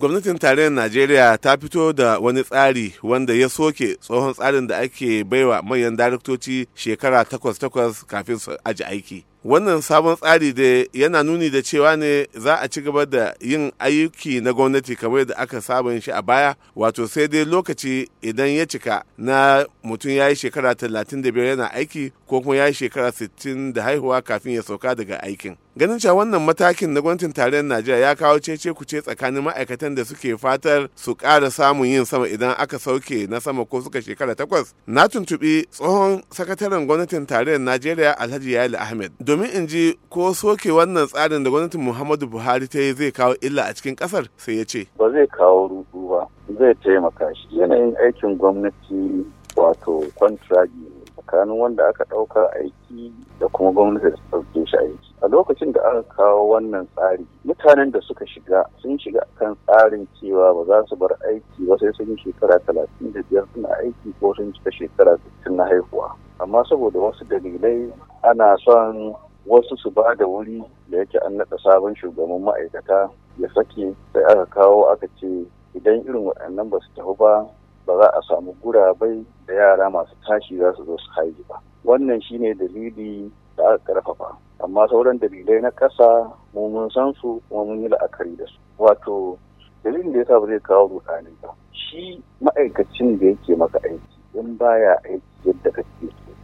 gwamnatin tarayyar najeriya ta fito da wani tsari wanda ya soke tsohon tsarin da ake baiwa manyan daraktoci shekara takwas takwas kafin su aji aiki wannan sabon tsari da yana nuni da cewa ne za a ci gaba da yin ayyuki na gwamnati kamar da aka saba shi a baya wato sai dai lokaci idan ya cika na mutum ya yi shekara 35 yana aiki ko kuma ya yi shekara 60 da haihuwa kafin ya sauka daga aikin ganin cewa wannan matakin na gwamnatin tarayyar najeriya ya kawo cece kuce tsakanin ma'aikatan da suke fatar su ƙara samun yin sama idan aka sauke na sama ko suka shekara takwas na tuntuɓi tsohon sakataren gwamnatin tarayyar najeriya alhaji yali ahmed domin in ji ko soke wannan tsarin da gwamnatin muhammadu buhari ta yi zai kawo illa a cikin kasar sai ya ce ba zai kawo rudu ba zai taimaka shi yanayin aikin gwamnati wato kwantiragi tsakanin wanda aka ɗauka aiki da kuma gwamnati da ɗauke shi aiki a lokacin da aka kawo wannan tsari mutanen da suka shiga sun shiga kan tsarin cewa ba za su bar aiki ba sai sun yi shekara talatin da biyar suna aiki ko sun cika shekara sittin na haihuwa amma saboda wasu dalilai ana son wasu su ba da wuri da yake an naɗa sabon shugaban ma'aikata ya sake sai aka kawo aka ce idan irin waɗannan ba su tafi ba ba za a samu gurabai da yara masu tashi za su zo su haihu ba wannan shine dalili da aka karfafa amma sauran dalilai na ƙasa mu mun san su kuma mun yi la'akari da su wato dalilin da yasa ba zai kawo rudani ba shi ma'aikacin da yake maka aiki in baya aiki yadda kake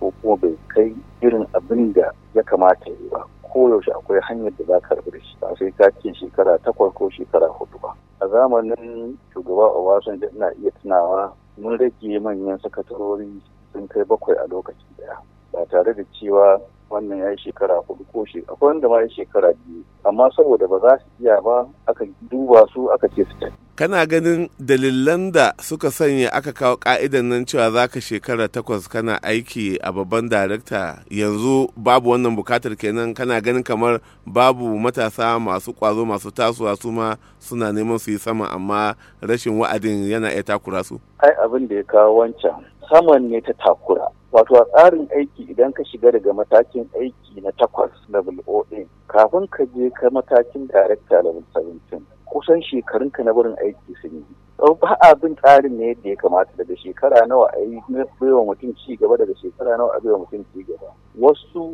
ko kuma bai kai irin abin da ya kamata ya yi ba koyaushe akwai hanyar da za ka rabu da shi ba sai ka ce shekara takwas ko shekara hudu ba a zamanin shugaba a wasan da ina iya tunawa mun rage manyan sakatarori sun kai bakwai a lokaci daya ba tare da cewa wannan ya yi shekara hudu ko shi akwai wanda ma ya shekara biyu amma saboda ba za su iya ba aka duba su aka ce su tafi kana ganin dalilan da suka sanya aka kawo ka'idan nan cewa za ka shekara takwas kana aiki a babban darakta yanzu babu wannan bukatar kenan kana ganin kamar babu matasa masu kwazo masu tasowa su ma suna neman su yi sama amma rashin wa'adin yana iya takura su ai abin da ya kawo wancan saman ne ta takura wato a tsarin aiki idan ka shiga daga matakin aiki na takwas level 08 kafin ka je ka matakin darakta level 17 kusan shekarun ka na barin aiki sun yi ba a bin tsarin ne yadda ya kamata daga shekara nawa a yi baiwa mutum ci gaba daga shekara nawa a baiwa mutum ci gaba wasu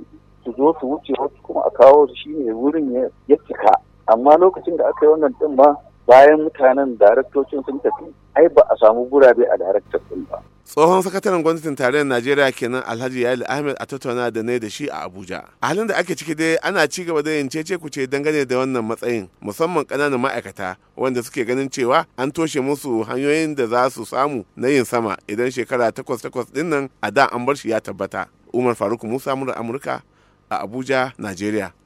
su zo su wuce wasu kuma a kawo su shine wurin ya cika amma lokacin da aka yi wannan din ma bayan mutanen daraktocin sun tafi ai ba a samu gurabe a daraktar din ba tsohon sakataren gwamnatin tarayyar najeriya kenan alhaji yali ahmed a tattauna da ne da shi a abuja a halin da ake ciki dai ana ci gaba da yin cece kuce dangane da wannan matsayin musamman ƙananan ma'aikata wanda suke ganin cewa an toshe musu hanyoyin da za su samu na yin sama idan shekara takwas takwas din nan a da an bar shi ya tabbata umar faruk musa Mura amurka a abuja najeriya